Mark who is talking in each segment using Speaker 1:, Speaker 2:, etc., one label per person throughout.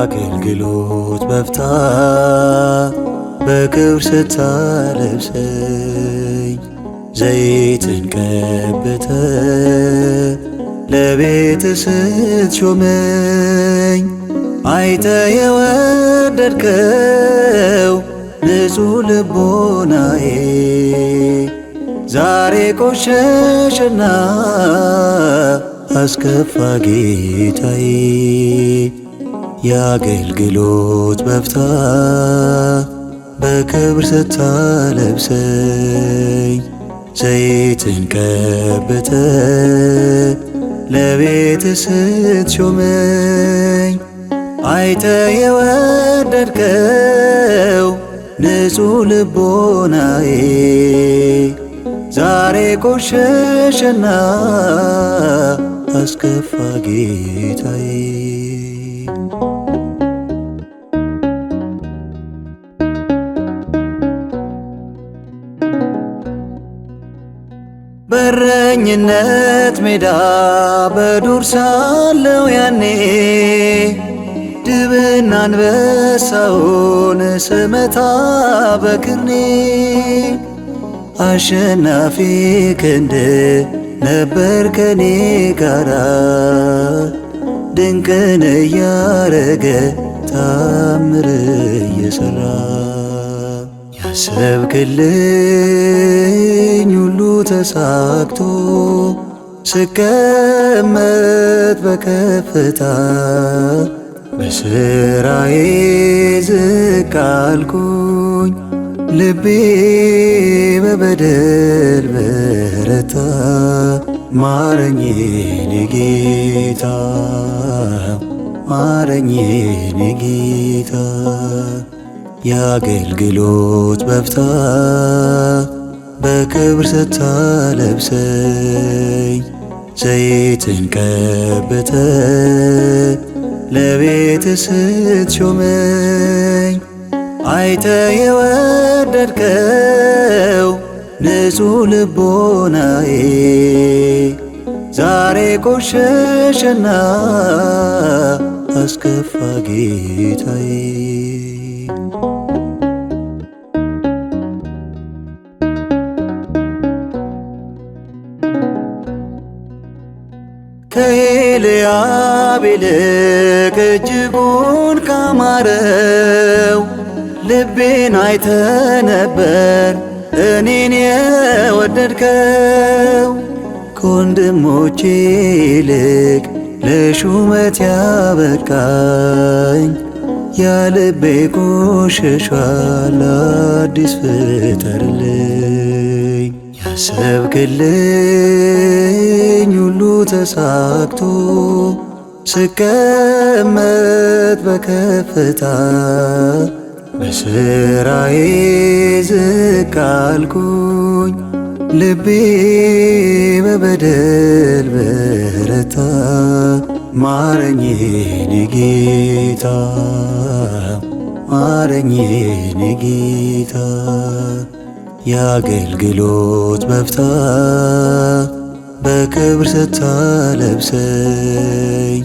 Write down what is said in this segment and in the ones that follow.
Speaker 1: አገልግሎት በፍታ በክብር ስታለብሰኝ ዘይትን ቀብተ ለቤት ስትሾመኝ አይተ የወደድከው ንጹሕ ልቦናዬ ዛሬ ቆሸሽና አስከፋ ጌታዬ የአገልግሎት በፍታ በክብር ስታለብሰኝ ዘይትን ቀብተ ለቤት ስትሾመኝ አይተ የወደድከው ንጹሕ ልቦናዬ ዛሬ ቆሸሸና አስከፋ ጌታዬ
Speaker 2: በእረኝነት ሜዳ በዱር ሳለው ያኔ ድብና አንበሳውን ስመታ በክርኔ አሸናፊ ክንድ ነበር ከኔ ጋራ ድንቅን እያረገ ታምር እየሰራ ስብክልኝ ሁሉ ተሳክቶ ስቀመጥ በከፍታ በስራዬ ዝቅ አልኩኝ ልቤ በበደል በረታ። ማረኝ ጌታ ማረኝ ጌታ የአገልግሎት በፍታ በክብር ስታለብሰኝ ዘይትን ቀብተ ለቤት ስትሾመኝ አይተ የወደድከው ንጹሕ ልቦናዬ ዛሬ ቆሸሸና አስከፋ ጌታዬ
Speaker 3: ከአብ እጅጉን ካማረው ልቤን አይተ ነበር እኔን የወደድከው ከወንድሞቼ ይልቅ ለሹመት ያበቃኝ ያልቤ ቆሸሿል አዲስ ፍጠርልኝ ያሰብክልኝ ሁሉ ተሳክቶ ስቀመጥ በከፍታ በስራዬ ዝቅ አልኩኝ ልቤ በበደል በረታ። ማረኝ የኔ ጌታ፣ ማረኝ የኔ ጌታ የአገልግሎት በፍታ በክብር ስታለብሰኝ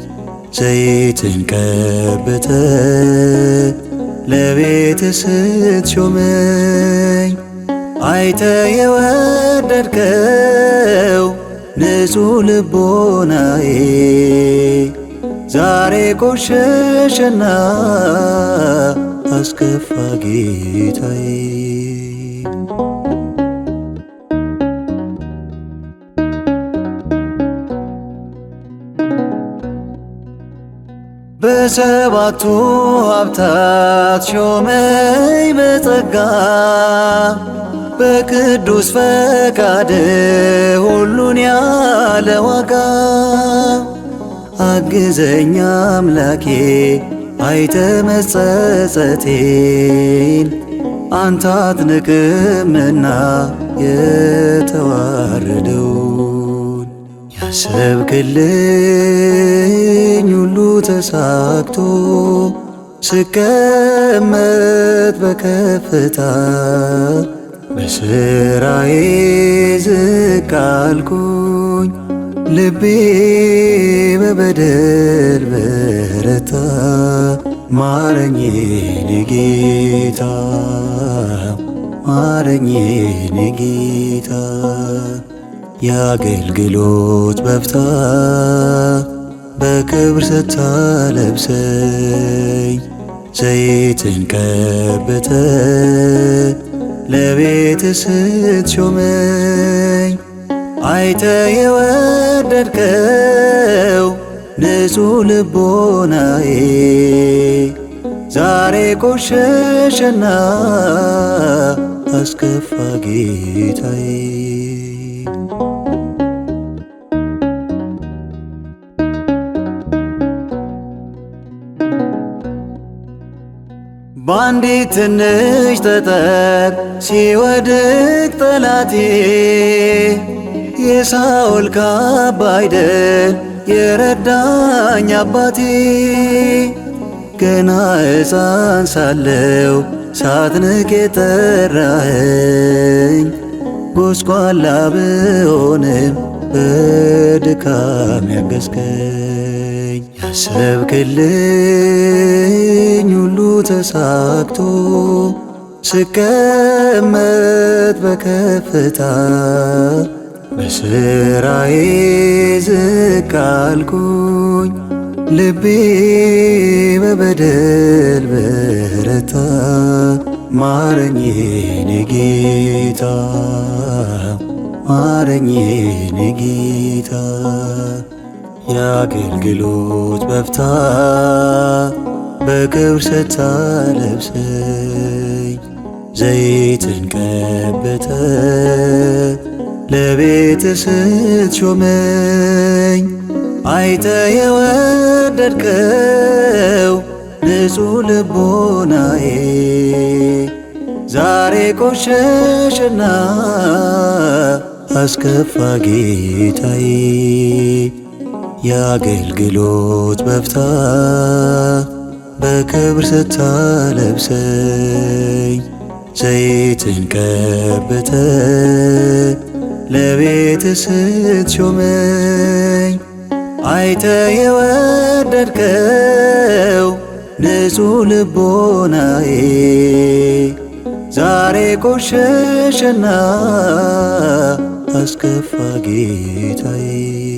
Speaker 3: ዘይትን ቀብተ ለቤት ስትሾመኝ አይተ የወደድከው ንጹሕ ልቦናዬ ዛሬ ቆሸሸና አስከፋ ጌታዬ
Speaker 4: በሰባቱ ሀብታት ሾመኝ በጸጋ በቅዱስ ፈቃድ ሁሉን ያለ ዋጋ አግዘኛ አምላኬ አይተ መጸጸቴን አንታት ንቅምና የተዋረደው ስብክልኝ ሁሉ ተሳክቶ ስቀመጥ በከፍታ በስራዬ ዝቅ አልኩኝ ልቤ በበደል በረታ። ማረኝ ንጌታ ማረኝ ንጌታ የአገልግሎት በፍታ በክብር ስታለብሰኝ ዘይትን ቀብተ ለቤት ስትሾመኝ አይተ የወደድከው ንጹሕ ልቦናዬ ዛሬ ቆሸሸና አስከፋ ጌታዬ
Speaker 5: በአንዲት ትንሽ ጠጠር ሲወድቅ ጠላቴ የሳውል ካባ አይደል የረዳኝ አባቴ። ገና ሕፃን ሳለው ሳትንቅ የጠራኸኝ ጎስቋላ ብሆንም በድካም ያገዝከኝ ያሰብክልኝ ሁሉ ተሳክቶ ስቀመጥ በከፍታ በስራዬ ዝቅ አልኩኝ ልቤ በበደል በረታ። ማረኝ ጌታ ማረኝ ጌታ የአገልግሎት በፍታ በክብር ስታለብሰኝ ዘይትን ቀበተ ለቤት ስትሾመኝ አይተ የወደድከው ንጹሕ ልቦናዬ ዛሬ ቆሸሽና አስከፋ ጌታዬ የአገልግሎት በፍታ በክብር ስታለብሰኝ ዘይትን ቀብተ ለቤት ስትሾመኝ አይተ የወደድከው ንጹሕ ልቦናዬ ዛሬ ቆሸሸና አስከፋ ጌታዬ